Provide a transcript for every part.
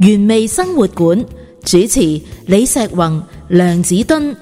原味生活館主持李石宏、梁子敦，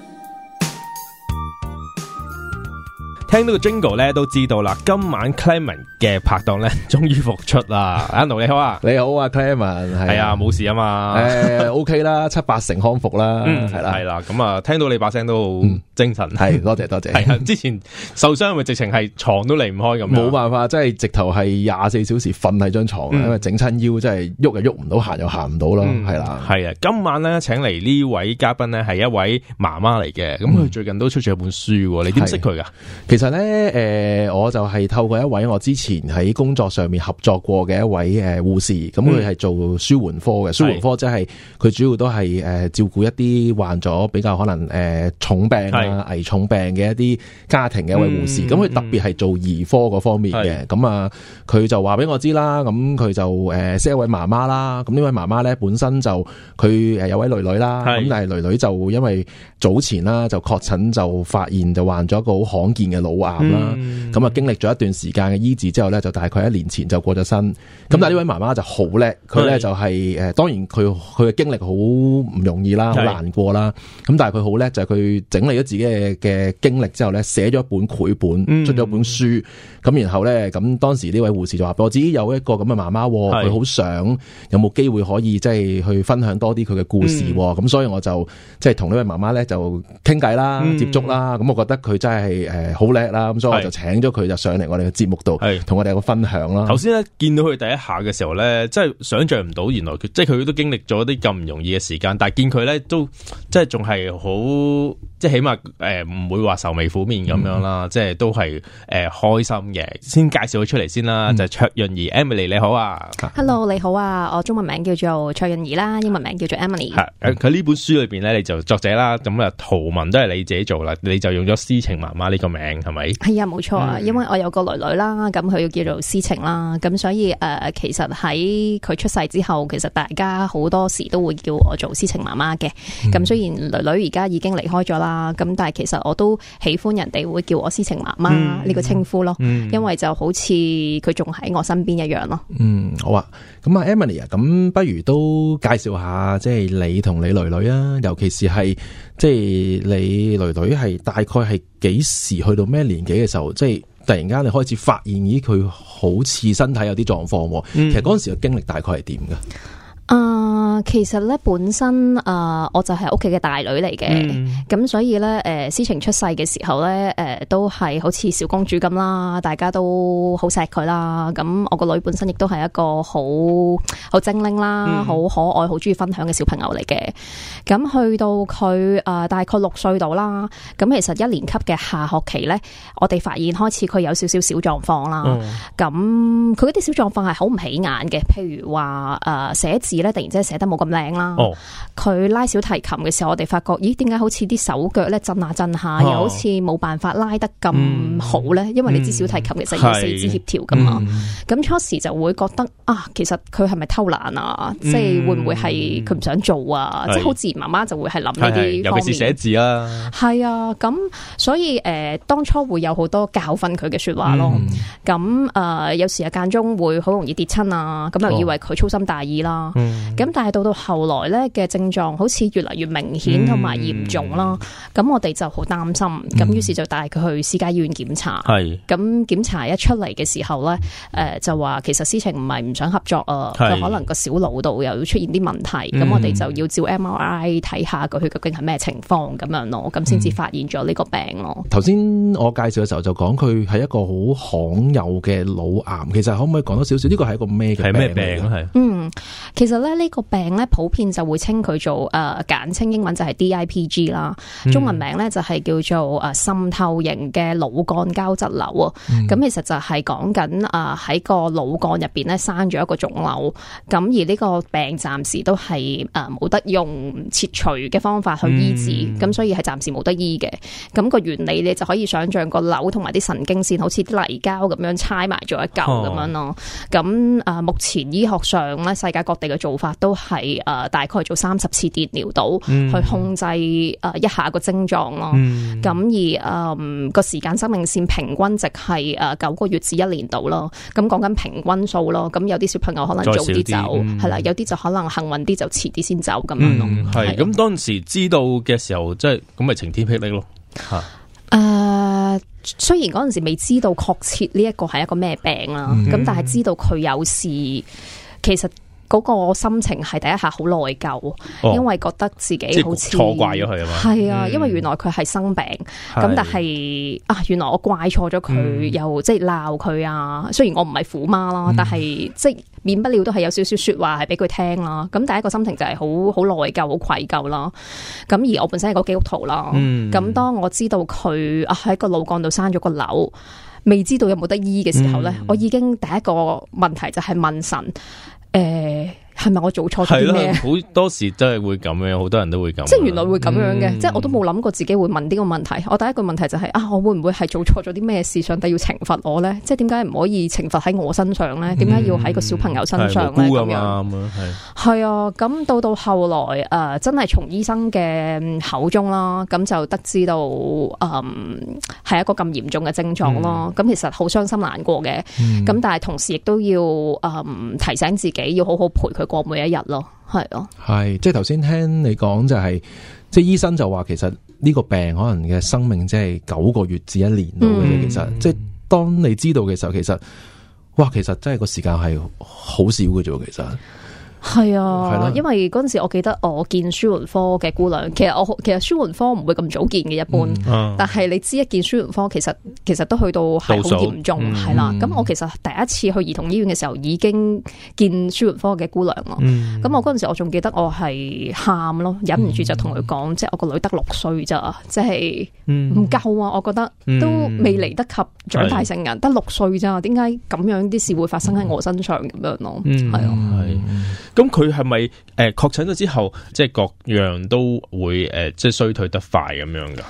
聽到個 jingle 咧，都知道啦。今晚 Clement 嘅拍檔咧，終於復出啦。阿奴 你好啊，你好啊 Clement 係啊，冇、啊、事啊嘛。誒、哎、，OK 啦， 七八成康復啦，係啦，係啦。咁啊，聽到你把聲都。好。精神係，多謝多謝，係 之前受傷咪直情係床都離唔開咁，冇辦法，即係直頭係廿四小時瞓喺張床，嗯、因為整親腰，即係喐又喐唔到，行又行唔到啦，係啦、嗯，係啊了。今晚咧請嚟呢位嘉賓咧係一位媽媽嚟嘅，咁佢、嗯、最近都出咗本書喎，你點識佢噶？其實咧，誒、呃，我就係透過一位我之前喺工作上面合作過嘅一位誒護士，咁佢係做舒緩科嘅，舒緩科即係佢的主要都係誒照顧一啲患咗比較可能誒、呃、重病。危重病嘅一啲家庭嘅一位護士，咁佢、嗯、特別係做兒科嗰方面嘅，咁是啊，佢就話俾我知啦，咁佢就誒、識、呃、一位媽媽啦，咁呢位媽媽咧本身就佢誒有位女女啦，咁是但係女女就因為早前啦就確診就發現就患咗一個好罕見嘅腦癌啦，咁啊、嗯、經歷咗一段時間嘅醫治之後咧，就大概一年前就過咗身，咁、嗯、但係呢位媽媽就好叻，佢咧是就係、是、誒、呃，當然佢佢嘅經歷好唔容易啦，好難過啦，咁是是但係佢好叻就係佢整理咗。自己嘅嘅經歷之後咧，寫咗一本繪本，嗯、出咗本書。咁然後咧，咁當時呢位護士就話俾我自己有一個咁嘅媽媽，佢好是想有冇機會可以即係去分享多啲佢嘅故事。咁、嗯嗯、所以我就即係同呢位媽媽咧就傾偈啦、接觸啦。咁、嗯嗯、我覺得佢真係誒好叻啦。咁、呃、所以我就請咗佢就上嚟我哋嘅節目度，同是我哋有個分享啦。頭先咧見到佢第一下嘅時候咧，即係想象唔到原來佢即係佢都經歷咗啲咁唔容易嘅時間，但係見佢咧都即係仲係好，即係起碼。誒，唔、呃、會話愁眉苦面咁樣啦，嗯、即係都係誒、呃、開心嘅。先介紹佢出嚟先啦，嗯、就係卓潤儀 Emily 你好啊，Hello 你好啊，我中文名叫做卓潤儀啦，英文名叫做 Emily。佢呢、嗯啊、本書裏邊咧，你就作者啦，咁啊圖文都係你自己做啦，你就用咗思情媽媽呢個名係咪？係啊，冇錯啊，嗯、因為我有個女女啦，咁佢叫做思情啦，咁所以誒、呃，其實喺佢出世之後，其實大家好多時都會叫我做思情媽媽嘅。咁雖然女女而家已經離開咗啦，咁。但係其實我都喜歡人哋會叫我思情媽媽呢個稱呼咯，嗯、因為就好似佢仲喺我身邊一樣咯。嗯，好啊，咁啊，Emily 啊，咁不如都介紹下，即係你同你女女啊，尤其是係即係你女女係大概係幾時去到咩年紀嘅時候，即係突然間你開始發現咦，佢好似身體有啲狀況，嗯、其實嗰時嘅經歷大概係點噶？其實咧本身啊、呃，我就係屋企嘅大女嚟嘅，咁、mm hmm. 所以咧，誒、呃，思晴出世嘅時候咧，誒、呃，都係好似小公主咁啦，大家都好錫佢啦。咁我個女本身亦都係一個好好精靈啦，好、mm hmm. 可愛，好中意分享嘅小朋友嚟嘅。咁去到佢啊、呃，大概六歲度啦，咁其實一年級嘅下學期咧，我哋發現開始佢有少少小狀況啦。咁佢啲小狀況係好唔起眼嘅，譬如話誒，寫、呃、字咧突然之間寫得冇咁靚啦，佢、哦、拉小提琴嘅時候，我哋發覺，咦，點解好似啲手腳咧震下震下，哦、又好似冇辦法拉得咁好咧？嗯、因為你知小提琴其實要四肢協調噶嘛，咁、嗯、初時就會覺得啊，其實佢係咪偷懶啊？嗯、即係會唔會係佢唔想做啊？嗯、即係好自然，媽媽就會係諗呢啲。尤其是寫字啊，係啊，咁所以誒、呃，當初會有好多教訓佢嘅說話咯。咁誒、嗯呃，有時間中會好容易跌親啊，咁又以為佢粗心大意啦。咁但係。到到後來咧嘅症狀好似越嚟越明顯同埋嚴重啦，咁、嗯、我哋就好擔心，咁於、嗯、是就帶佢去私家醫院檢查。係咁檢查一出嚟嘅時候咧，誒、呃、就話其實思晴唔係唔想合作啊，佢是可能個小腦度又要出現啲問題，咁、嗯、我哋就要照 MRI 睇下佢佢究竟係咩情況咁樣咯，咁先至發現咗呢個病咯。頭先、嗯、我介紹嘅時候就講佢係一個好罕有嘅腦癌，其實可唔可以講多少少？呢個係一個咩？係咩病啊？係嗯。其實咧呢個病咧普遍就會稱佢做誒，簡稱英文就係 DIPG 啦，嗯、中文名咧就係叫做誒滲、啊、透型嘅腦幹膠質瘤啊。咁、嗯、其實就係講緊誒喺個腦幹入邊咧生咗一個腫瘤，咁而呢個病暫時都係誒冇得用切除嘅方法去醫治，咁、嗯、所以係暫時冇得醫嘅。咁、個原理你就可以想象個瘤同埋啲神經線好似啲泥膠咁樣猜埋咗一嚿咁、哦、樣咯。咁、啊、誒目前醫學上咧。世界各地嘅做法都係誒、呃，大概做三十次電療到，嗯、去控制誒、呃、一下個症狀咯。咁、嗯啊、而誒個、呃、時間生命線平均值係誒九個月至一年度咯。咁講緊平均數咯。咁有啲小朋友可能早啲走，係啦、嗯。有啲就可能幸運啲，就遲啲先走咁樣咯。係咁，嗯、的當時知道嘅時候，即係咁咪晴天霹靂咯。誒 、呃，雖然嗰陣時未知道確切呢一個係一個咩病啦，咁但係知道佢有事，其實。嗰個心情係第一下好內疚，哦、因為覺得自己好似錯怪咗佢。係啊，嗯、因為原來佢係生病，咁是但係啊，原來我怪錯咗佢，嗯、又即係鬧佢啊。雖然我唔係虎媽啦，嗯、但係即係免不了都係有少少説話係俾佢聽啦。咁第一個心情就係好好內疚、好愧疚啦。咁而我本身係個基督徒啦，咁、嗯啊、當我知道佢喺、啊、個腦幹度生咗個瘤，未知道有冇得醫嘅時候咧、嗯，我已經第一個問題就係問神。誒。係咪我做錯咗？好多時真係會咁樣，好多人都會咁。即係原來會咁樣嘅，即係、嗯、我都冇諗過自己會問呢個問題。我第一個問題就係、是、啊，我會唔會係做錯咗啲咩事上？上帝要懲罰我咧？即係點解唔可以懲罰喺我身上咧？點解、嗯、要喺個小朋友身上咧？咁、嗯嗯嗯、樣係啊。咁到到後來誒、呃，真係從醫生嘅口中啦，咁就得知道誒係、呃、一個咁嚴重嘅症狀咯。咁、嗯、其實好傷心難過嘅。咁、嗯、但係同時亦都要、呃、提醒自己要好好陪佢。過每一日咯，係咯，係，即係頭先聽你講就係，即係醫生就話其實呢個病可能嘅生命即係九個月至一年到嘅啫。其實，即係當你知道嘅時候，其實，哇，其實真係個時間係好少嘅啫。其實。係啊，因為嗰陣時我記得我見舒緩科嘅姑娘，其實我其實舒緩科唔會咁早見嘅一般，但係你知一見舒緩科，其實其實都去到係好嚴重係啦。咁我其實第一次去兒童醫院嘅時候，已經見舒緩科嘅姑娘咯。咁我嗰陣時我仲記得我係喊咯，忍唔住就同佢講，即係我個女得六歲咋，即係唔夠啊！我覺得都未嚟得及長大成人，得六歲咋，點解咁樣啲事會發生喺我身上咁樣咯？係啊。咁佢係咪誒確診咗之後，即係各樣都會誒、呃，即係衰退得快咁樣噶？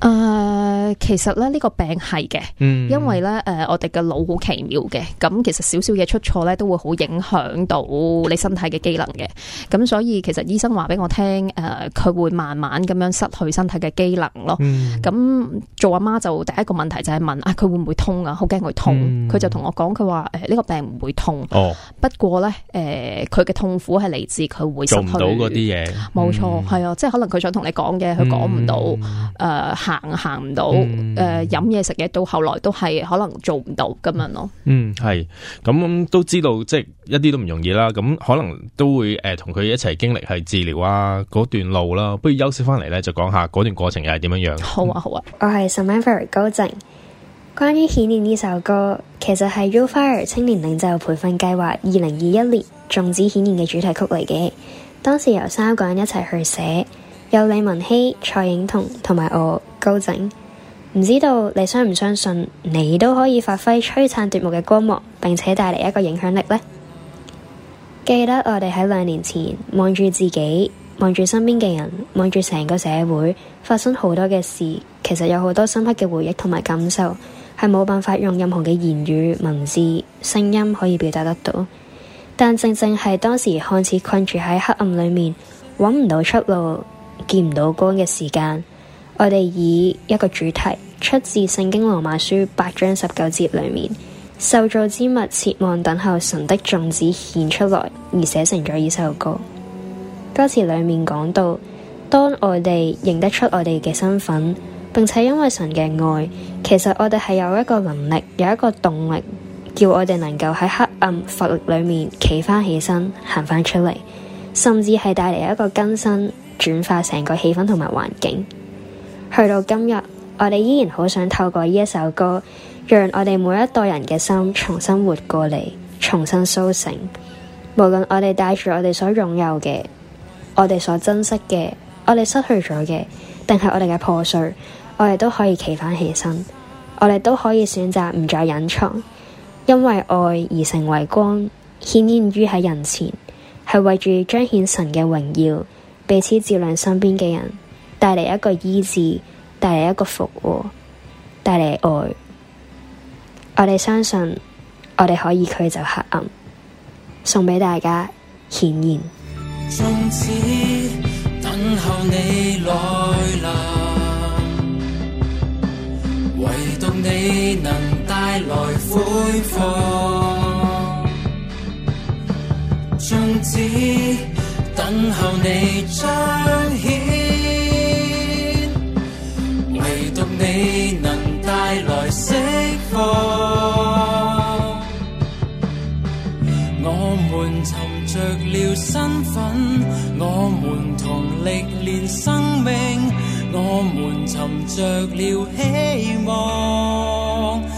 誒，uh, 其實咧呢、這個病係嘅，因為咧誒我哋嘅腦好奇妙嘅，咁其實少少嘢出錯咧都會好影響到你身體嘅機能嘅，咁所以其實醫生話俾我聽，誒、呃、佢會慢慢咁樣失去身體嘅機能咯，咁、嗯、做阿媽就第一個問題就係問啊佢會唔會痛啊？好驚佢痛，佢、嗯哦、就同我講佢話誒呢個病唔會痛，不過咧誒佢嘅痛苦係嚟自佢會失去做唔到嗰啲嘢，冇錯係啊，即係可能佢想同你講嘅佢講唔到誒。行行唔到，誒、嗯，飲嘢食嘢到後來都係可能做唔到咁樣咯。嗯，係，咁、嗯、都知道即係、就是、一啲都唔容易啦。咁、嗯、可能都會誒同佢一齊經歷係治療啊嗰段路啦。不如休息翻嚟咧，就講下嗰段過程又係點樣樣？好啊，好啊，嗯、我係是 Samuel 高靜。關於《顯現》呢首歌，其實係 You Fire 青年領袖培訓計劃二零二一年種子顯現嘅主題曲嚟嘅。當時由三個人一齊去寫。有李文希、蔡影彤同埋我高靜，唔知道你相唔相信，你都可以發揮璀璨奪目嘅光芒，並且帶嚟一個影響力呢。記得我哋喺兩年前望住自己，望住身邊嘅人，望住成個社會，發生好多嘅事。其實有好多深刻嘅回憶同埋感受，係冇辦法用任何嘅言語、文字、聲音可以表達得到。但正正係當時看似困住喺黑暗裏面，揾唔到出路，見唔到光嘅時間，我哋以一個主題，出自聖經羅馬書八章十九節裏面，受造之物切望等候神的眾子顯出來，而寫成咗呢首歌。歌詞裏面講到，當我哋認得出我哋嘅身份，並且因為神嘅愛，其實我哋係有一個能力，有一個動力，叫我哋能夠喺黑暗乏力裏面企翻起身，行翻出嚟，甚至係帶嚟一個更新。轉化成個氣氛同埋環境，去到今日，我哋依然好想透過呢一首歌，讓我哋每一代人嘅心重新活過嚟，重新蘇醒。無論我哋帶住我哋所擁有嘅，我哋所珍惜嘅，我哋失去咗嘅，定係我哋嘅破碎，我哋都可以企翻起身，我哋都可以選擇唔再隱藏，因為愛而成為光，顯現於喺人前，係為住彰顯神嘅榮耀。彼此照亮身邊嘅人，帶嚟一個醫治，帶嚟一個服務，帶嚟愛。我哋相信，我哋可以驅走黑暗。送畀大家，顯現。終止，等候你來臨，唯獨你能帶來恢復。終止。等候你彰顯，唯獨你能帶來釋放。我們尋著了身份，我們同歷練生命，我們尋著了希望。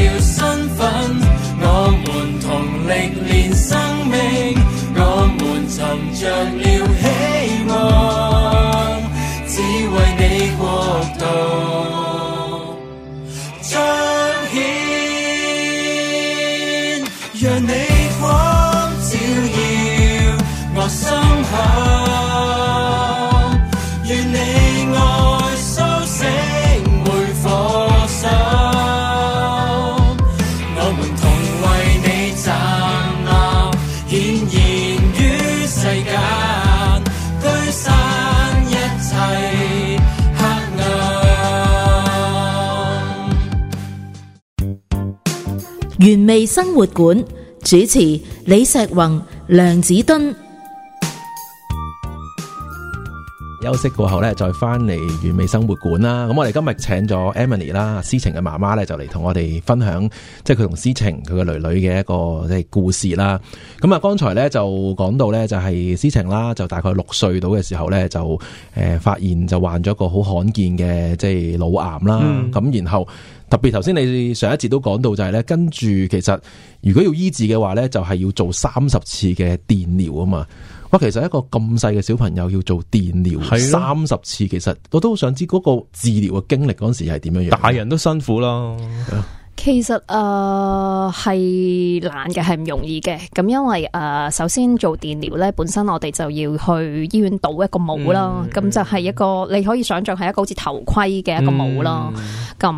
味生活館主持李石宏、梁子敦休息過後咧，再翻嚟完美生活館啦。咁我哋今日請咗 Emily 啦，思晴嘅媽媽咧就嚟同我哋分享，即係佢同思晴佢嘅囡囡嘅一個即係故事啦。咁啊，剛才咧就講到咧，就係思晴啦，就大概六歲到嘅時候咧，就誒發現就患咗一個好罕見嘅即係腦癌啦。咁、嗯、然後。特別頭先你上一節都講到就係、是、咧，跟住其實如果要醫治嘅話咧，就係、是、要做三十次嘅電療啊嘛。哇，其實一個咁細嘅小朋友要做電療三十次，其實我都好想知嗰個治療嘅經歷嗰時係點樣樣。大人都辛苦咯。 其實誒係難嘅，係、呃、唔容易嘅。咁因為誒、呃、首先做電療咧，本身我哋就要去醫院倒一個帽啦，咁、mm hmm. 就係一個你可以想象係一個好似頭盔嘅一個帽啦。咁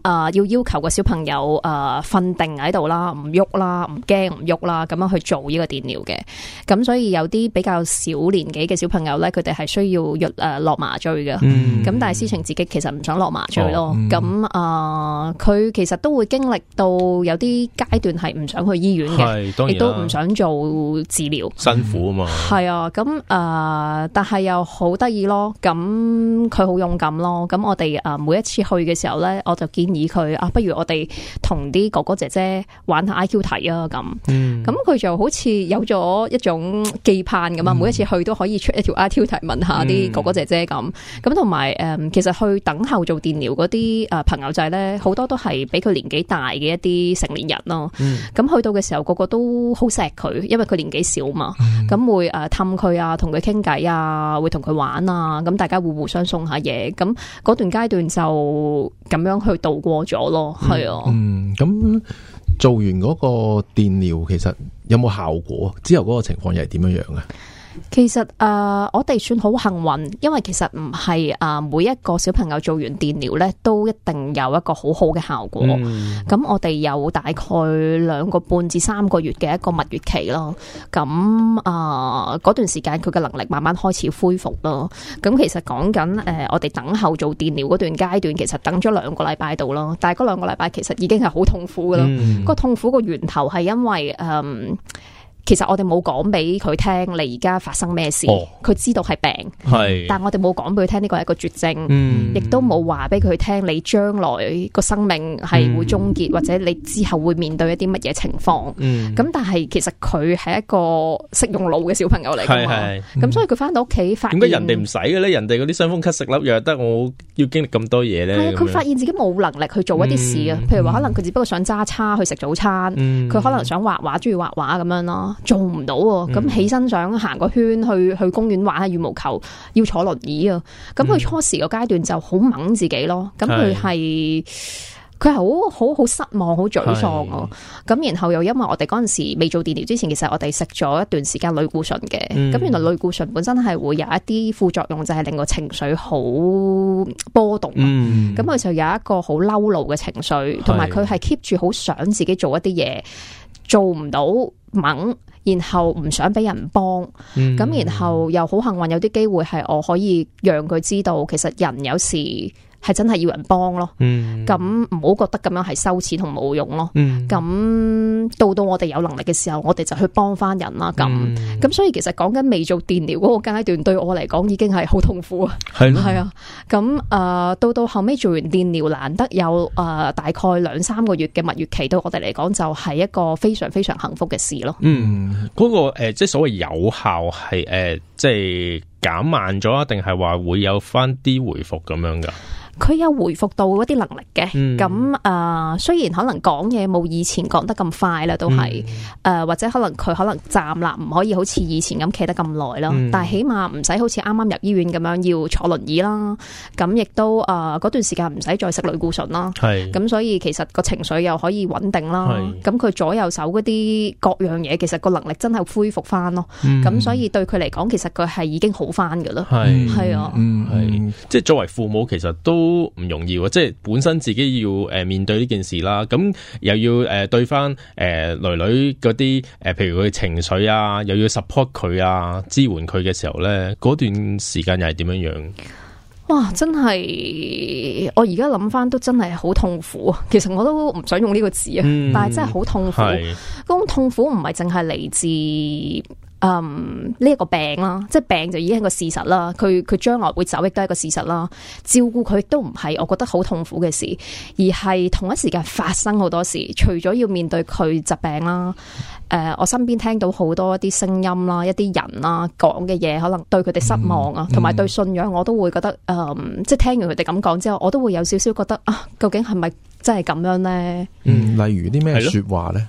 誒要要求個小朋友誒瞓、呃、定喺度啦，唔喐啦，唔驚唔喐啦，咁樣去做呢個電療嘅。咁所以有啲比較小年紀嘅小朋友咧，佢哋係需要入誒落麻醉嘅。咁、mm hmm. 但係思情自己其實唔想落麻醉咯。咁誒佢其實都。會經歷到有啲階段係唔想去醫院嘅，亦都唔想做治療，辛苦啊嘛。係啊，咁誒、呃，但係又好得意咯。咁佢好勇敢咯。咁我哋誒每一次去嘅時候呢，我就建議佢啊，不如我哋同啲哥哥姐姐玩下 I Q 題啊，咁。咁佢、嗯，就好似有咗一種寄盼咁啊。嗯，每一次去都可以出一條 I Q 題問下啲哥哥姐姐咁。咁同埋誒，其實去等候做電療嗰啲誒朋友仔呢，好多都係俾佢連年紀大嘅一啲成年人咯，咁、嗯、去到嘅時候個個都好錫佢，因為佢年紀少嘛，咁、嗯、會誒氹佢啊，同佢傾偈啊，會同佢玩啊，咁大家會互相送下嘢，咁嗰段階段就咁樣去度過咗咯，係、嗯、啊，嗯，咁做完嗰個電療，其實有冇效果？之後嗰個情況又係點樣樣啊？其實誒、呃，我哋算好幸運，因為其實唔係誒每一個小朋友做完電療咧，都一定有一個好好嘅效果。咁、嗯、我哋有大概兩個半至三個月嘅一個蜜月期咯。咁啊，嗰、呃、段時間佢嘅能力慢慢開始恢復咯。咁其實講緊誒，我哋等候做電療嗰段階段，其實等咗兩個禮拜度咯。但係嗰兩個禮拜其實已經係好痛苦噶咯。嗯、個痛苦個源頭係因為誒。呃其實我哋冇講俾佢聽，你而家發生咩事，佢知道係病，但我哋冇講俾佢聽呢個係一個絕症，亦都冇話俾佢聽你將來個生命係會終結，或者你之後會面對一啲乜嘢情況。咁但係其實佢係一個識用腦嘅小朋友嚟噶嘛，咁所以佢翻到屋企發現，點解人哋唔使嘅咧？人哋嗰啲傷風咳食粒藥得，我要經歷咁多嘢咧？佢發現自己冇能力去做一啲事嘅，譬如話可能佢只不過想揸叉去食早餐，佢可能想畫畫，中意畫畫咁樣咯。做唔到，咁起身想行個圈去去公園玩下羽毛球，要坐輪椅啊！咁佢初時個階段就好掹自己咯，咁佢係佢係好好失望，好沮喪哦！咁、嗯、然後又因為我哋嗰陣時未做電療之前，其實我哋食咗一段時間類固醇嘅，咁、嗯、原來類固醇本身係會有一啲副作用，就係、是、令個情緒好波動，咁佢、嗯嗯、就有一個好嬲怒嘅情緒，同埋佢係 keep 住好想自己做一啲嘢。做唔到，掹，然後唔想俾人幫，咁、嗯、然後又好幸運，有啲機會係我可以讓佢知道，其實人有時。係真係要人幫咯，咁唔好覺得咁樣係羞恥同冇用咯。咁、嗯、到到我哋有能力嘅時候，我哋就去幫翻人啦。咁咁、嗯、所以其實講緊未做電療嗰個階段，對我嚟講已經係好痛苦啊。係啊的，咁誒、呃，到到後尾做完電療，難得有誒、呃、大概兩三個月嘅蜜月期，對我哋嚟講就係一個非常非常幸福嘅事咯。嗯，嗰、那個誒、呃，即係所謂有效係誒、呃，即係。減慢咗啊？定係話會有翻啲回復咁樣噶？佢有回復到一啲能力嘅，咁誒、嗯呃、雖然可能講嘢冇以前講得咁快啦，都係誒、嗯呃、或者可能佢可能站立唔可以好似以前咁企得咁耐咯，嗯、但係起碼唔使好似啱啱入醫院咁樣要坐輪椅啦，咁亦都誒嗰、呃、段時間唔使再食類固醇啦，係咁是所以其實個情緒又可以穩定啦，咁佢是左右手嗰啲各樣嘢其實個能力真係恢復翻咯，咁、嗯嗯、所以對佢嚟講其實佢係已經好。翻嘅咯，係係是、嗯、啊，嗯，係，即係作為父母其實都唔容易，即係本身自己要誒面對呢件事啦，咁又要誒、呃、對翻誒囡囡嗰啲誒，譬如佢嘅情緒啊，又要 support 佢啊，支援佢嘅時候咧，嗰段時間又係點樣樣？哇，真係我而家諗翻都真係好痛苦啊！其實我都唔想用呢個字啊，嗯、但係真係好痛苦。嗰種是痛苦唔係淨係嚟自。嗯，呢一、um, 個病啦，即係病就已經係個事實啦。佢佢將來會走亦都係個事實啦。照顧佢亦都唔係我覺得好痛苦嘅事，而係同一時間發生好多事。除咗要面對佢疾病啦，誒、呃，我身邊聽到好多一啲聲音啦，一啲人啦講嘅嘢，可能對佢哋失望啊，同埋、嗯嗯、對信仰，我都會覺得誒，um, 即係聽完佢哋咁講之後，我都會有少少覺得啊，究竟係咪真係咁樣咧？嗯，例如啲咩說話咧？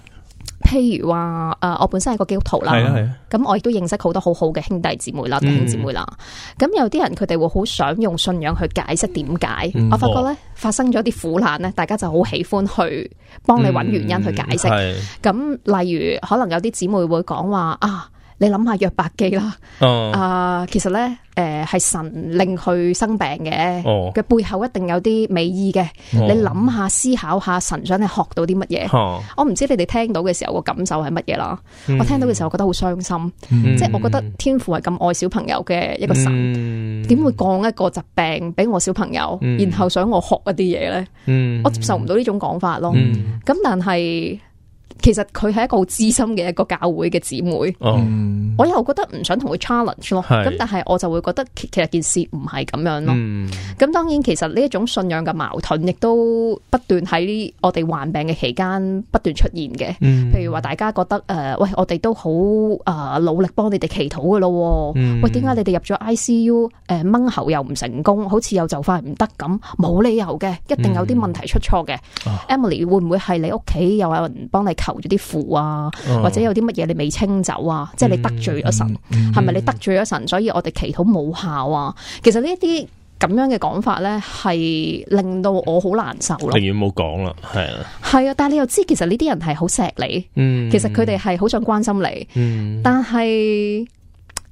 譬如話誒、呃，我本身係個基督徒啦，咁、啊啊、我亦都認識好多好好多好好嘅兄弟姊妹啦，嗯、弟兄姊妹啦。咁有啲人佢哋會好想用信仰去解釋點解，嗯、我發覺咧發生咗啲苦難咧，大家就好喜歡去幫你搵原因去解釋。咁、嗯、例如可能有啲姊妹會講話啊，你諗下約伯記啦，啊，其實咧，誒，係神令佢生病嘅，佢背後一定有啲美意嘅。你諗下思考下，神想你學到啲乜嘢？我唔知你哋聽到嘅時候個感受係乜嘢啦。我聽到嘅時候，我覺得好傷心，即係我覺得天父係咁愛小朋友嘅一個神，點會降一個疾病俾我小朋友，然後想我學一啲嘢咧？我接受唔到呢種講法咯。咁但係。其實佢係一個好資深嘅一個教會嘅姊妹，oh. 我又覺得唔想同佢 challenge 咯。咁是但係我就會覺得其實件事唔係咁樣咯。咁、mm. 當然其實呢一種信仰嘅矛盾亦都不斷喺我哋患病嘅期間不斷出現嘅。Mm. 譬如話大家覺得誒、呃，喂，我哋都好啊努力幫你哋祈禱嘅咯。Mm. 喂，點解你哋入咗 ICU 誒、呃、掹喉又唔成功，好似又就快唔得咁？冇理由嘅，一定有啲問題出錯嘅。Mm. Emily 會唔會係你屋企又有人幫你啲符啊，或者有啲乜嘢你未清走啊，嗯、即係你得罪咗神，係咪、嗯、你得罪咗神，嗯、所以我哋祈禱冇效啊？其實呢一啲咁樣嘅講法咧，係令到我好難受咯。寧願冇講啦，係啊，係啊，但係你又知其實呢啲人係好錫你，嗯，其實佢哋係好想關心你，嗯，但係。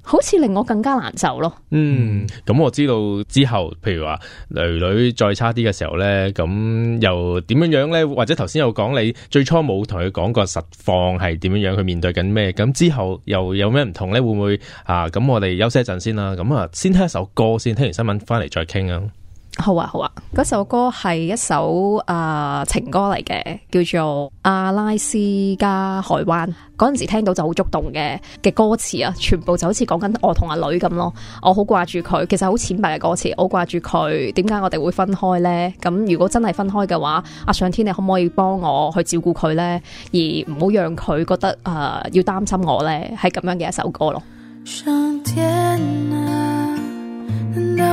好似令我更加難受咯。嗯，咁我知道之後，譬如話女女再差啲嘅時候咧，咁又點樣樣咧？或者頭先有講你最初冇同佢講過實況係點樣樣，佢面對緊咩？咁之後又有咩唔同咧？會唔會啊？咁我哋休息一陣先啦。咁啊，先聽一首歌先，聽完新聞翻嚟再傾啊。好啊，好啊！嗰首歌係一首誒、呃、情歌嚟嘅，叫做《阿拉斯加海灣》。嗰陣時聽到就好觸動嘅嘅歌詞啊，全部就好似講緊我同阿女咁咯。我好掛住佢，其實好淺白嘅歌詞，我掛住佢。點解我哋會分開呢？咁如果真係分開嘅話，阿上天你可唔可以幫我去照顧佢呢？而唔好讓佢覺得誒、呃、要擔心我呢，係咁樣嘅一首歌咯。上天啊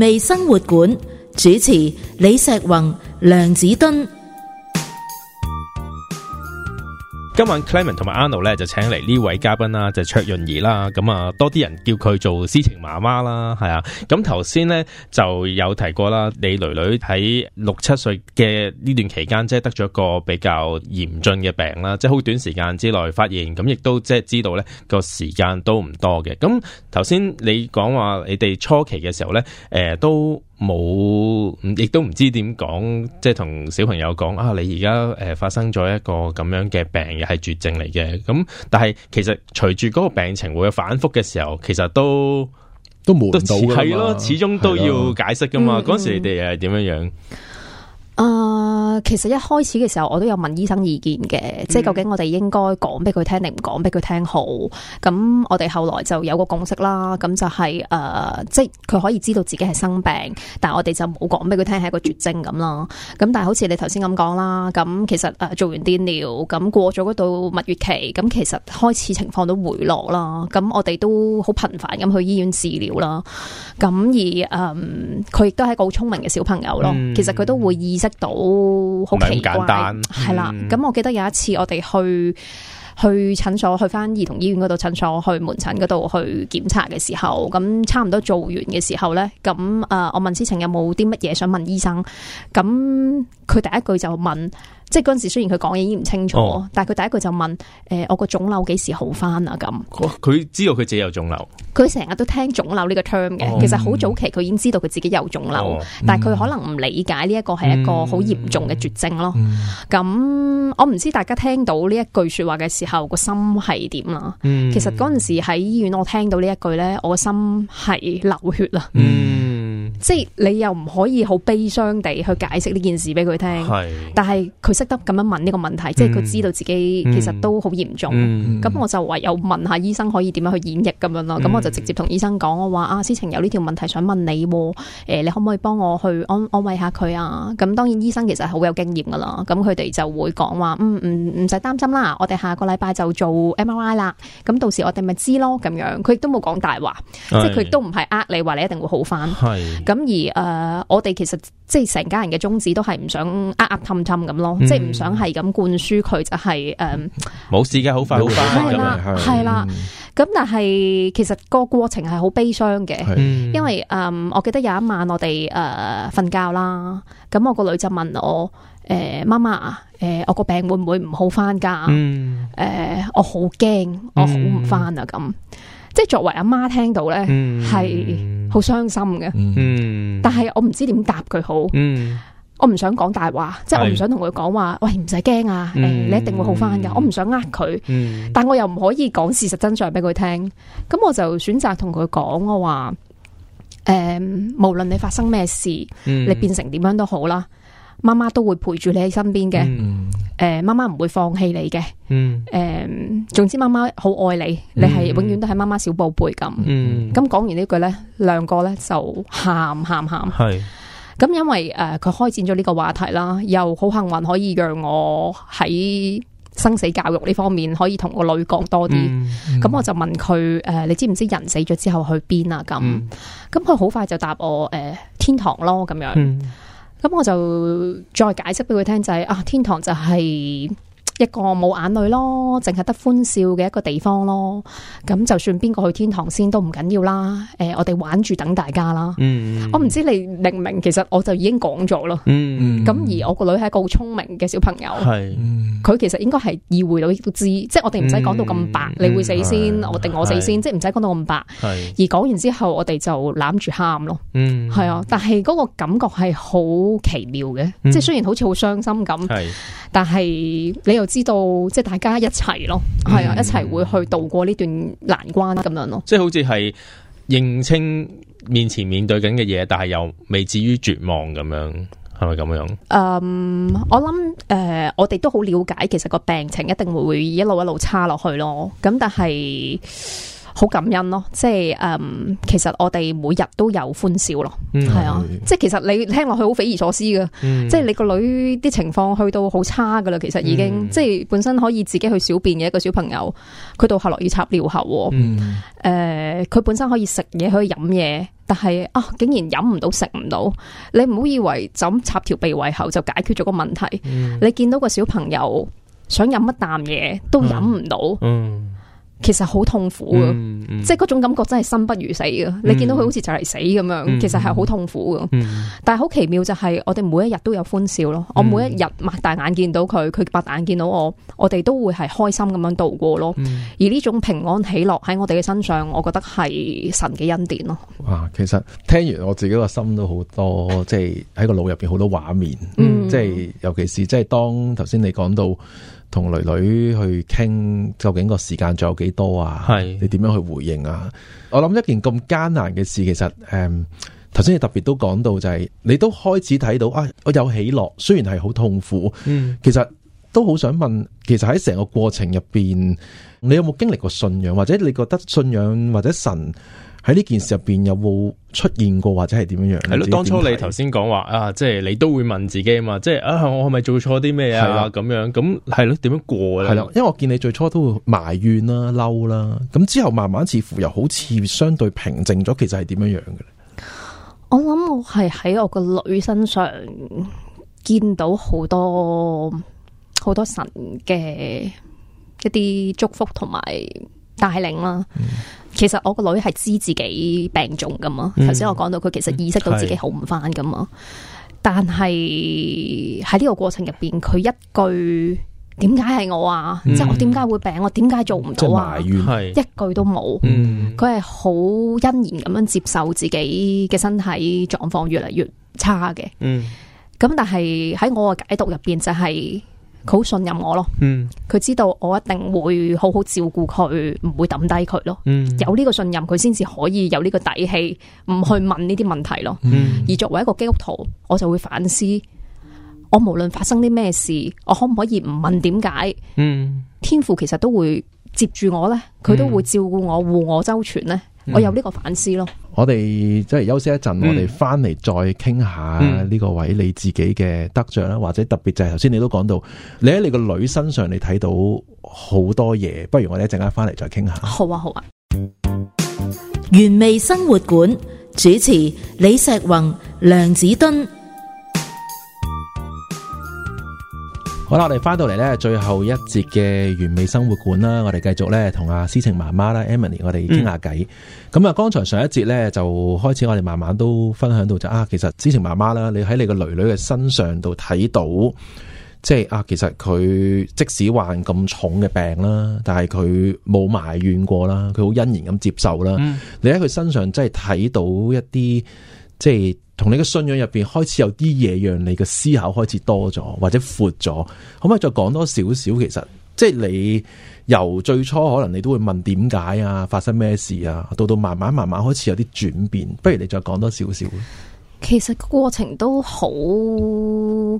微生活館主持李石宏、梁子敦。今晚 Clement 同埋 Anno 咧，就請嚟呢位嘉賓啦，就係、卓潤儀啦，咁、嗯、啊多啲人叫佢做私情媽媽啦，係啊。咁頭先咧，就有提過啦，你女女喺六七歲嘅呢段期間，即係得咗個比較嚴峻嘅病啦，即係好短時間之內發現，咁亦都即係知道咧個時間都唔多嘅。咁頭先你講話你哋初期嘅時候咧，誒、呃、都。冇，亦都唔知點講，即係同小朋友講啊！你而家誒發生咗一個咁樣嘅病，又係絕症嚟嘅。咁、嗯、但係其實隨住嗰個病情會有反覆嘅時候，其實都都冇，都係咯，啊、始終都要解釋㗎嘛。嗰、嗯、時你哋又係點樣樣？其實一開始嘅時候，我都有問醫生意見嘅，即係究竟我哋應該講俾佢聽定唔講俾佢聽好？咁我哋後來就有個共識啦，咁就係、是、誒、呃，即係佢可以知道自己係生病，但係我哋就冇講俾佢聽係一個絕症咁啦。咁但係好似你頭先咁講啦，咁其實誒做完電療，咁過咗嗰度蜜月期，咁其實開始情況都回落啦。咁我哋都好頻繁咁去醫院治療啦。咁而誒，佢亦都係一個好聰明嘅小朋友咯。嗯、其實佢都會意識到。好奇怪，係啦。咁了、嗯、我記得有一次我哋去、嗯、去診所，去翻兒童醫院嗰度診所，去門診嗰度去檢查嘅時候，咁差唔多做完嘅時候呢。咁啊、呃、我問思晴有冇啲乜嘢想問醫生，咁佢第一句就問。即係嗰陣時，雖然佢講嘢已經唔清楚，哦、但係佢第一句就問：誒、呃，我個腫瘤幾時好翻啊？咁佢、哦、知道佢自己有腫瘤，佢成日都聽腫瘤呢個 term 嘅。哦、其實好早期，佢已經知道佢自己有腫瘤，哦、但係佢可能唔理解呢一個係一個好嚴重嘅絕症咯。咁我唔知大家聽到呢一句說話嘅時候個心係點啦。嗯、其實嗰陣時喺醫院，我聽到呢一句咧，我個心係流血啦。嗯嗯即係你又唔可以好悲傷地去解釋呢件事俾佢聽，是但係佢識得咁樣問呢個問題，嗯、即係佢知道自己其實都好嚴重。咁、嗯、我就唯有問下醫生可以點樣去演繹咁樣咯。咁、嗯、我就直接同醫生講我話啊，思晴有呢條問題想問你，誒、呃，你可唔可以幫我去安安慰下佢啊？咁當然醫生其實係好有經驗噶啦，咁佢哋就會講話，嗯嗯，唔使擔心啦，我哋下個禮拜就做 MRI 啦，咁到時我哋咪知咯，咁樣。佢亦都冇講大話，即係佢都唔係呃你話你一定會好返。咁而誒、呃，我哋其實即係成家人嘅宗旨都係唔想呃呃氹氹咁咯，即係唔想係咁灌輸佢就係、是、誒，冇、呃、事嘅，好快好快嘅 啦，係啦。咁、嗯、但係其實個過程係好悲傷嘅，的因為誒、呃，我記得有一晚我哋誒瞓覺啦，咁我個女就問我誒，媽媽誒，我個病會唔會唔好翻噶？誒、嗯 呃，我好驚，我好唔翻啊咁。即係作為阿媽聽到咧，係好傷心嘅。嗯、但係我唔知點答佢好。嗯、我唔想講大話，是即係我唔想同佢講話。喂，唔使驚啊、嗯欸，你一定會好翻噶。嗯、我唔想呃佢，嗯、但我又唔可以講事實真相俾佢聽。咁我就選擇同佢講我話，誒、呃，無論你發生咩事，嗯、你變成點樣都好啦，媽媽都會陪住你喺身邊嘅。嗯嗯誒，媽媽唔會放棄你嘅。嗯。誒，總之媽媽好愛你，你係永遠都係媽媽小寶貝咁。嗯。咁講、嗯、完呢句咧，兩個咧就喊喊喊。係是。咁因為誒，佢、呃、開展咗呢個話題啦，又好幸運可以讓我喺生死教育呢方面可以同個女講多啲。咁、嗯嗯、我就問佢誒、呃，你知唔知人死咗之後去邊啊？咁，咁佢好快就答我誒、呃，天堂咯咁樣。嗯咁我就再解釋畀佢聽就係啊，天堂就係，一個冇眼淚咯，淨係得歡笑嘅一個地方咯。咁就算邊個去天堂先都唔緊要啦。誒，我哋玩住等大家啦。嗯，我唔知你明唔明？其實我就已經講咗咯。嗯，咁而我個女係一個好聰明嘅小朋友。係，佢其實應該係意會到呢啲字，即係我哋唔使講到咁白，你會死先，我定我死先，即係唔使講到咁白。係，而講完之後，我哋就攬住喊咯。嗯，係啊，但係嗰個感覺係好奇妙嘅，即係雖然好似好傷心咁，係，但係你又。知道即係大家一齊咯，係啊，一齊會去度過呢段難關咁樣咯。即係好似係認清面前面對緊嘅嘢，但係又未至於絕望咁樣，係咪咁樣？ 嗯，我諗誒、呃，我哋都好了解，其實個病情一定會一路一路差落去咯。咁但係。好感恩咯，即係誒、嗯，其實我哋每日都有歡笑咯，係、嗯、啊，即係其實你聽落去好匪夷所思嘅，嗯、即係你個女啲情況去到好差噶啦，其實已經、嗯、即係本身可以自己去小便嘅一個小朋友，佢到後來要插尿喉，誒、嗯，佢、呃、本身可以食嘢可以飲嘢，但係啊，竟然飲唔到食唔到，你唔好以為就咁插條鼻胃喉就解決咗個問題，嗯、你見到個小朋友想飲一啖嘢都飲唔到。嗯嗯嗯其實好痛苦啊，嗯嗯、即係嗰種感覺真係生不如死嘅。嗯、你見到佢好似就嚟死咁樣，嗯、其實係好痛苦嘅。嗯、但係好奇妙就係，我哋每一日都有歡笑咯。嗯、我每一日擘大眼見到佢，佢擘大眼見到我，我哋都會係開心咁樣度過咯。嗯、而呢種平安喜樂喺我哋嘅身上，我覺得係神嘅恩典咯。哇，其實聽完我自己個心都好多， 即係喺個腦入邊好多畫面，嗯嗯、即係尤其是即係當頭先你講到。同女女去傾，究竟個時間仲有幾多啊？係是你點樣去回應啊？我諗一件咁艱難嘅事，其實誒，頭先，嗯，你特別都講到就係、是，你都開始睇到啊，我有喜樂，雖然係好痛苦，嗯，其實都好想問，其實喺成個過程入邊，你有冇經歷過信仰，或者你覺得信仰或者神喺呢件事入邊有冇？出現過或者係點樣樣？係咯，當初你頭先講話啊，即係你都會問自己啊嘛，即係啊，我係咪做錯啲咩啊？咁樣咁係咯，嗯、點樣過咧？係啦，因為我見你最初都會埋怨啦、嬲啦，咁之後慢慢似乎又好似相對平靜咗，其實係點樣樣嘅咧？我諗我係喺我個女身上見到好多好多神嘅一啲祝福同埋帶領啦。嗯其實我個女係知自己病重噶嘛，頭先、嗯、我講到佢其實意識到自己好唔翻噶嘛，是但係喺呢個過程入邊，佢一句點解係我啊，嗯、即係我點解會病，我點解做唔到啊，一句都冇，佢係好欣然咁樣接受自己嘅身體狀況越嚟越差嘅，咁、嗯、但係喺我嘅解讀入邊就係、是。佢好信任我咯，嗯、佢知道我一定會好好照顧佢，唔會抌低佢咯。嗯、有呢個信任，佢先至可以有呢個底氣，唔去問呢啲問題咯。嗯、而作為一個基督徒，我就會反思，我無論發生啲咩事，我可唔可以唔問點解？嗯、天父其實都會接住我咧，佢都會照顧我，護我周全咧。我有呢個反思咯。 我哋即係休息一陣，我哋翻嚟，再傾下呢個位你自己嘅得着啦，或者特別就係頭先你都講到，你喺你個女身上你睇到好多嘢。不如我哋一陣間翻嚟再傾下。好啊，好啊。原味生活館主持李石宏、梁子敦。好啦，我哋翻到嚟咧最後一節嘅完美生活館啦，我哋繼續咧同阿思晴媽媽啦，Emily，我哋傾下偈。咁啊、嗯，剛才上一節咧就開始，我哋慢慢都分享到就是、啊，其實思晴媽媽啦，你喺你個女女嘅身上度睇到，即係啊，其實佢即使患咁重嘅病啦，但係佢冇埋怨過啦，佢好欣然咁接受啦。嗯、你喺佢身上真係睇到一啲即係。從你嘅信仰入面開始有啲嘢讓你嘅思考開始多咗或者闊咗，可唔可以再講多少少？其實即係你由最初可能你都會問，點解啊，發生咩事啊，到到慢慢慢慢開始有啲轉變，不如你再講多少少其實過程都好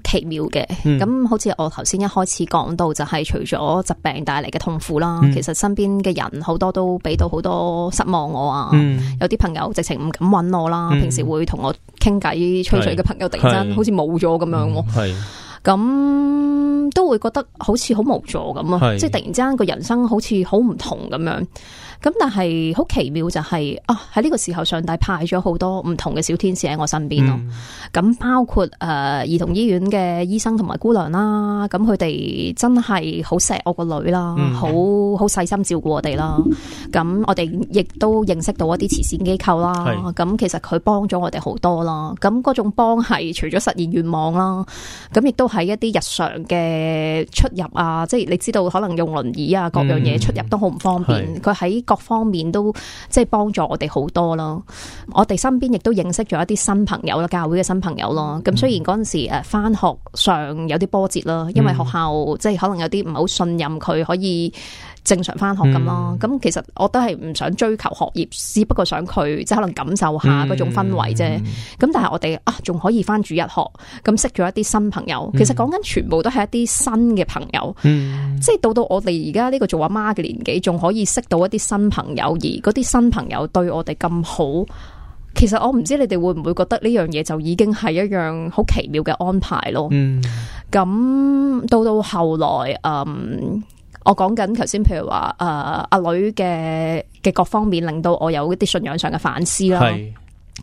奇妙嘅，咁、嗯、好似我頭先一開始講到，就係除咗疾病帶嚟嘅痛苦啦，嗯、其實身邊嘅人好多都俾到好多失望我啊，嗯、有啲朋友直情唔敢揾我啦，嗯、平時會同我傾偈、嗯、吹水嘅朋友突然間好似冇咗咁樣、啊，咁、嗯、都會覺得好似好無助咁啊，嗯、即係突然之間個人生好似好唔同咁樣。咁但係好奇妙就係、是、啊喺呢個時候上帝派咗好多唔同嘅小天使喺我身邊咯，咁、嗯、包括誒、呃、兒童醫院嘅醫生同埋姑娘啦，咁佢哋真係好錫我個女啦，好好細心照顧我哋啦，咁、嗯、我哋亦都認識到一啲慈善機構啦，咁是其實佢幫咗我哋好多啦，咁嗰種幫係除咗實現願望啦，咁亦都係一啲日常嘅出入啊，即係你知道可能用輪椅啊，各樣嘢出入都好唔方便，佢喺、嗯。各方面都即係幫助我哋好多咯，我哋身邊亦都認識咗一啲新朋友咯，教會嘅新朋友咯。咁雖然嗰陣時誒翻學上有啲波折啦，因為學校、嗯、即係可能有啲唔係好信任佢可以。正常翻學咁咯，咁、嗯、其實我都係唔想追求學業，嗯、只不過想佢即係可能感受下嗰種氛圍啫。咁、嗯、但係我哋啊，仲可以翻主日學，咁識咗一啲新朋友。嗯、其實講緊全部都係一啲新嘅朋友，嗯、即係到到我哋而家呢個做阿媽嘅年紀，仲可以識到一啲新朋友，而嗰啲新朋友對我哋咁好。其實我唔知你哋會唔會覺得呢樣嘢就已經係一樣好奇妙嘅安排咯。咁到、嗯嗯、到後來，嗯。嗯我講緊頭先，譬如話誒阿女嘅嘅各方面，令到我有一啲信仰上嘅反思啦。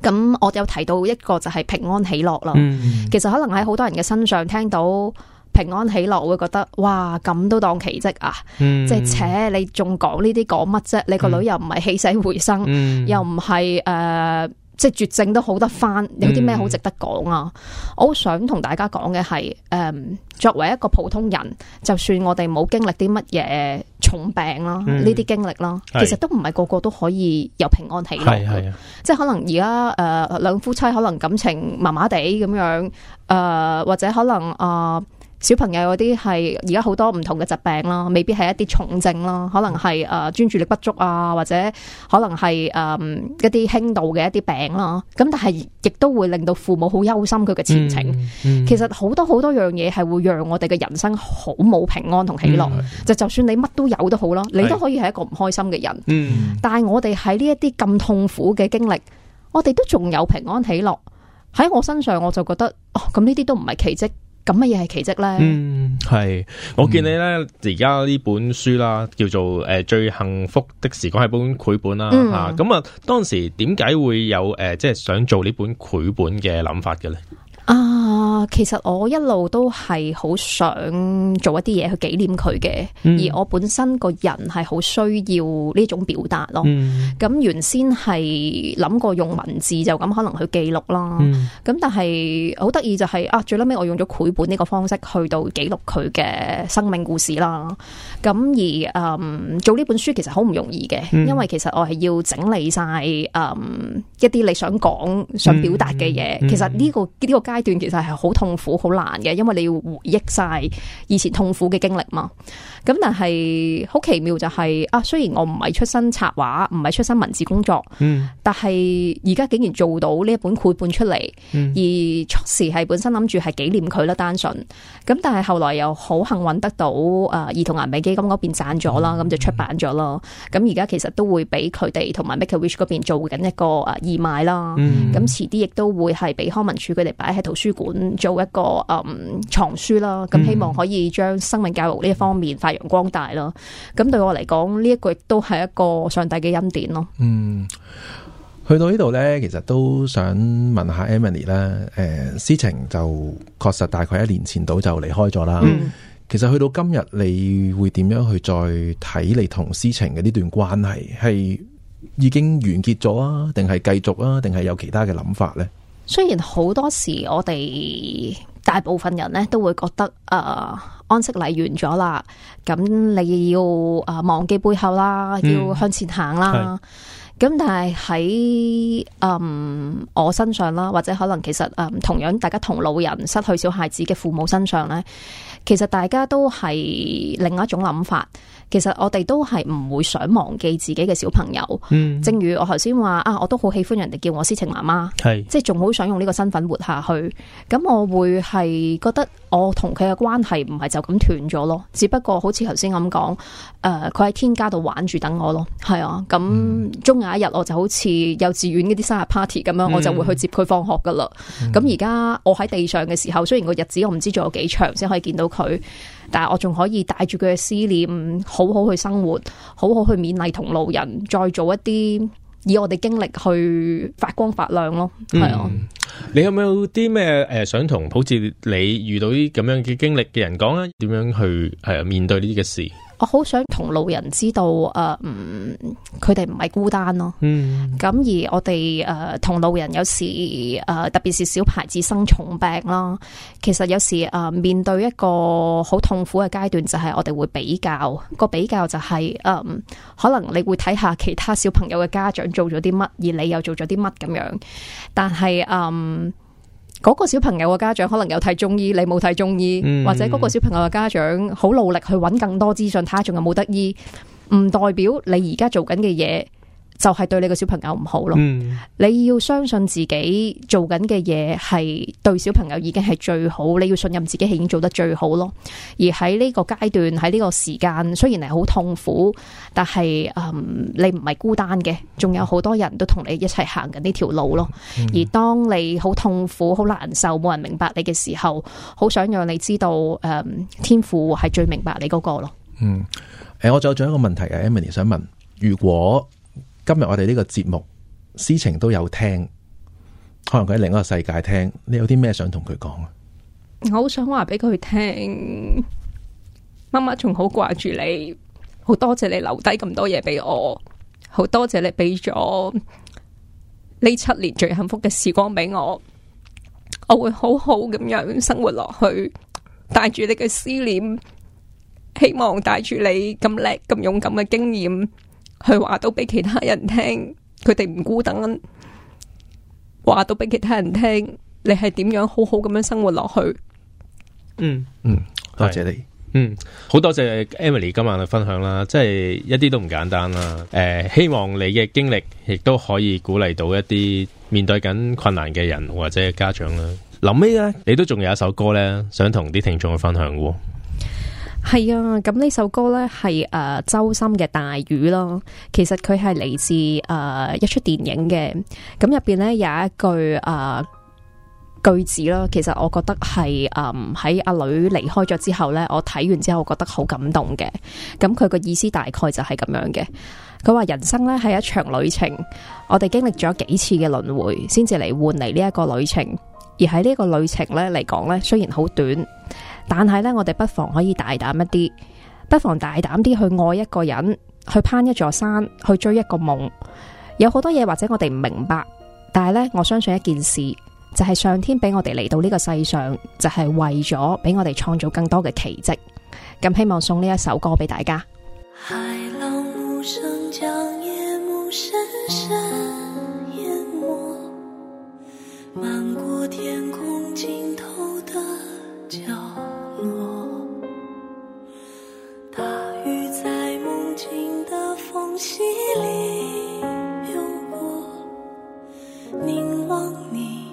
咁是我有提到一個就係平安喜樂啦。嗯、其實可能喺好多人嘅身上聽到平安喜樂，我會覺得哇咁都當奇蹟啊！嗯、即係且你仲講呢啲講乜啫？你個女又唔係起死回生，嗯嗯、又唔係誒。呃即係絕症都好得翻，有啲咩好值得講啊？嗯、我好想同大家講嘅係，誒、嗯，作為一個普通人，就算我哋冇經歷啲乜嘢重病啦、啊，呢啲、嗯、經歷啦、啊，是其實都唔係個個都可以有平安喜樂。係即係可能而家誒兩夫妻可能感情麻麻地咁樣，誒、呃、或者可能啊。呃小朋友嗰啲係而家好多唔同嘅疾病啦，未必係一啲重症啦，可能係誒專注力不足啊，或者可能係誒、呃、一啲輕度嘅一啲病啦。咁但係亦都會令到父母好憂心佢嘅前程。嗯嗯、其實好多好多樣嘢係會讓我哋嘅人生好冇平安同喜樂。就、嗯、就算你乜都有都好咯，你都可以係一個唔開心嘅人。嗯、但係我哋喺呢一啲咁痛苦嘅經歷，我哋都仲有平安喜樂喺我身上，我就覺得哦，咁呢啲都唔係奇蹟。.咁乜嘢係奇蹟咧？嗯，係，我見你咧，而家呢本書啦，叫做《誒，最幸福的時光》係本繪本啦吓。咁啊，啊，當時點解會有誒，即係想做呢本繪本嘅諗法嘅咧？啊，其實我一路都係好想做一啲嘢去紀念佢嘅，嗯、而我本身個人係好需要呢種表達咯。咁、嗯嗯、原先係諗過用文字就咁可能去記錄啦。咁、嗯、但係好得意就係、係、啊，最屘尾我用咗繪本呢個方式去到記錄佢嘅生命故事啦。咁、嗯、而誒、嗯、做呢本書其實好唔容易嘅，嗯、因為其實我係要整理晒誒、嗯、一啲你想講、想表達嘅嘢。其實呢、呢個呢個家階段其實係好痛苦、好難嘅，因為你要回憶晒以前痛苦嘅經歷嘛。咁但係好奇妙就係、是、啊，雖然我唔係出身策劃，唔係出身文字工作，但係而家竟然做到呢一本繪本出嚟，而初時係本身諗住係紀念佢啦，單純，咁但係後來又好幸運得到啊兒童癌病基金嗰邊贊咗啦，咁、嗯、就出版咗咯。咁而家其實都會俾佢哋同埋 Make a Wish 嗰邊做緊一個啊義賣啦，咁遲啲亦都會係俾康文署佢哋擺喺。圖書館做一個誒、嗯、藏書啦，咁希望可以將生命教育呢一方面發揚光大啦。咁、嗯、對我嚟講，呢一句都係一個上帝嘅恩典咯。嗯，去到呢度呢，其實都想問下 Emily 啦。誒，詩情就確實大概一年前到就離開咗啦。嗯，其實去到今日，你會點樣去再睇你同詩情嘅呢段關係？係已經完結咗啊？定係繼續啊？定係有其他嘅諗法呢？雖然好多時我哋大部分人咧都會覺得，誒、呃、安息禮完咗啦，咁你要誒、呃、忘記背後啦，要向前行啦。嗯咁但係喺嗯，我身上啦，或者可能其實誒、嗯，、同樣大家同老人失去小孩子嘅父母身上咧，其實大家都係另外一種諗法。其實我哋都係唔會想忘記自己嘅小朋友。嗯，正如我頭先話啊，我都好喜歡人哋叫我思情媽媽，係是即係仲好想用呢個身份活下去。咁我會係覺得我同佢嘅關係唔係就咁斷咗咯，只不過好似頭先咁講，誒佢喺天家度玩住等我咯，係啊。咁中嗰一日我就好似幼稚園嗰啲生日 party 咁樣，嗯、我就會去接佢放學噶啦。咁而家我喺地上嘅時候，雖然個日子我唔知仲有幾長先可以見到佢，但係我仲可以帶住佢嘅思念，好好去生活，好好去勉勵同路人，再做一啲以我哋經歷去發光發亮咯。係、嗯、啊，你有冇啲咩誒想同好似你遇到啲咁樣嘅經歷嘅人講啊？點樣去誒面對呢啲嘅事？我好想同路人知道，誒、呃，嗯，佢哋唔係孤單咯。嗯，咁而我哋誒同路人有時，誒、呃，特別是小孩子生重病啦，其實有時誒、呃、面對一個好痛苦嘅階段，就係我哋會比較，個比較就係、是，嗯、呃，可能你會睇下其他小朋友嘅家長做咗啲乜，而你又做咗啲乜咁樣，但係，嗯、呃。嗰個小朋友嘅家長可能有睇中醫，你冇睇中醫，或者嗰個小朋友嘅家長好努力去揾更多資訊，睇下仲有冇得醫，唔代表你而家做緊嘅嘢。就係對你個小朋友唔好咯，嗯、你要相信自己做緊嘅嘢係對小朋友已經係最好，你要信任自己係已經做得最好咯。而喺呢個階段，喺呢個時間，雖然係好痛苦，但係，嗯，你唔係孤單嘅，仲有好多人都同你一齊行緊呢條路咯。而當你好痛苦、好難受、冇人明白你嘅時候，好想讓你知道，誒、嗯，天父係最明白你嗰個咯。嗯，誒，我仲有仲有一個問題啊，Emily 想問，如果。今日我哋呢個節目，詩情都有聽，可能佢喺另一個世界聽，你有啲咩想同佢講啊？我好想話俾佢聽，媽媽仲好掛住你，好多謝你留低咁多嘢俾我，好多謝你俾咗呢七年最幸福嘅時光俾我，我會好好咁樣生活落去，帶住你嘅思念，希望帶住你咁叻咁勇敢嘅經驗，去話到俾其他人聽，佢哋唔孤單；話到俾其他人聽，你係點樣好好咁樣生活落去？嗯嗯，多謝你，嗯，好多謝 Emily 今晚嘅分享啦，即係一啲都唔簡單啦。誒、呃，希望你嘅經歷亦都可以鼓勵到一啲面對緊困難嘅人或者家長啦。臨尾咧，你都仲有一首歌咧，想同啲聽眾去分享喎。係啊，咁呢首歌呢係誒、呃、周深嘅《大魚》咯。其實佢係嚟自誒、呃、一出電影嘅，咁入邊呢有一句誒、呃、句子咯，其實我覺得係誒喺阿女離開咗之後呢，我睇完之後我覺得好感動嘅，咁佢個意思大概就係咁樣嘅，佢話人生呢係一場旅程，我哋經歷咗幾次嘅輪迴，先至嚟換嚟呢一個旅程，而喺呢個旅程呢嚟講呢，雖然好短。但係呢，我哋不妨可以大膽一啲，不妨大膽啲去愛一個人，去攀一座山，去追一個夢。有好多嘢或者我哋唔明白，但係呢，我相信一件事，就係上天俾我哋嚟到呢個世上，就係為咗俾我哋創造更多嘅奇蹟。咁希望送呢一首歌俾大家。 大魚，啊，在夢境的縫隙裏游過，凝望你。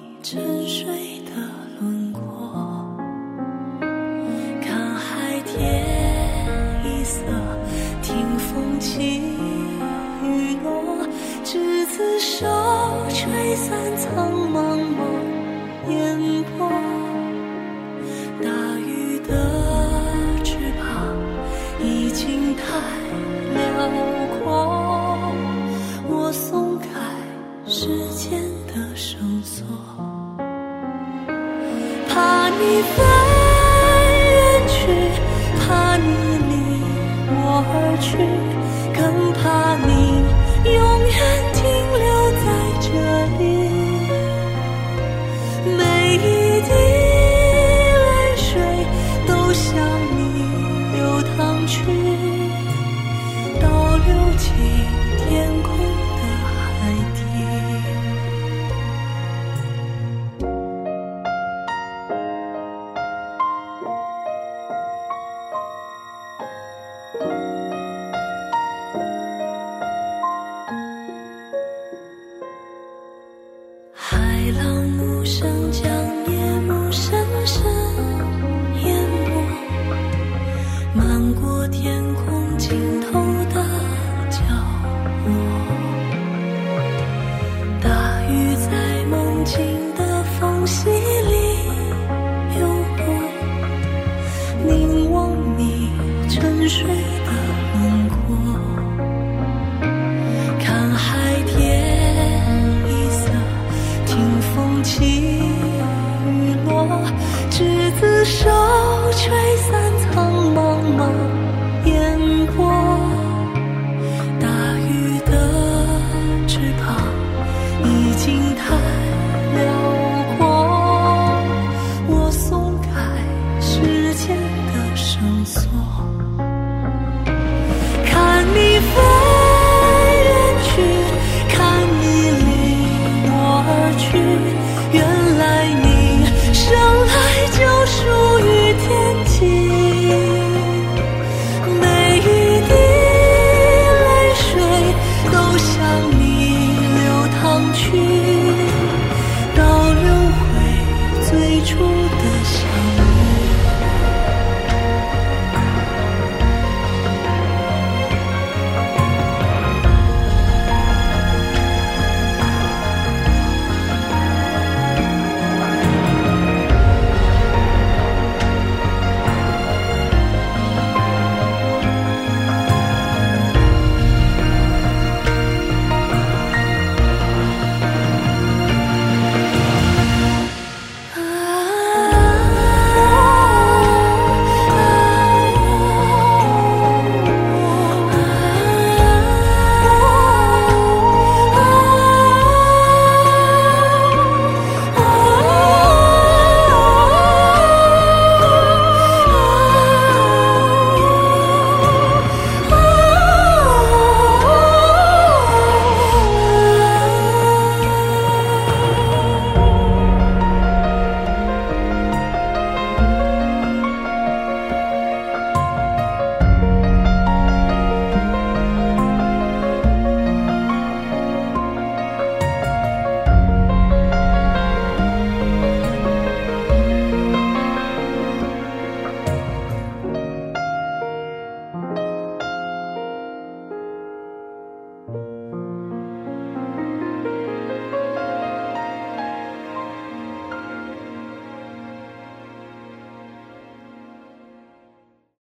天空盡頭。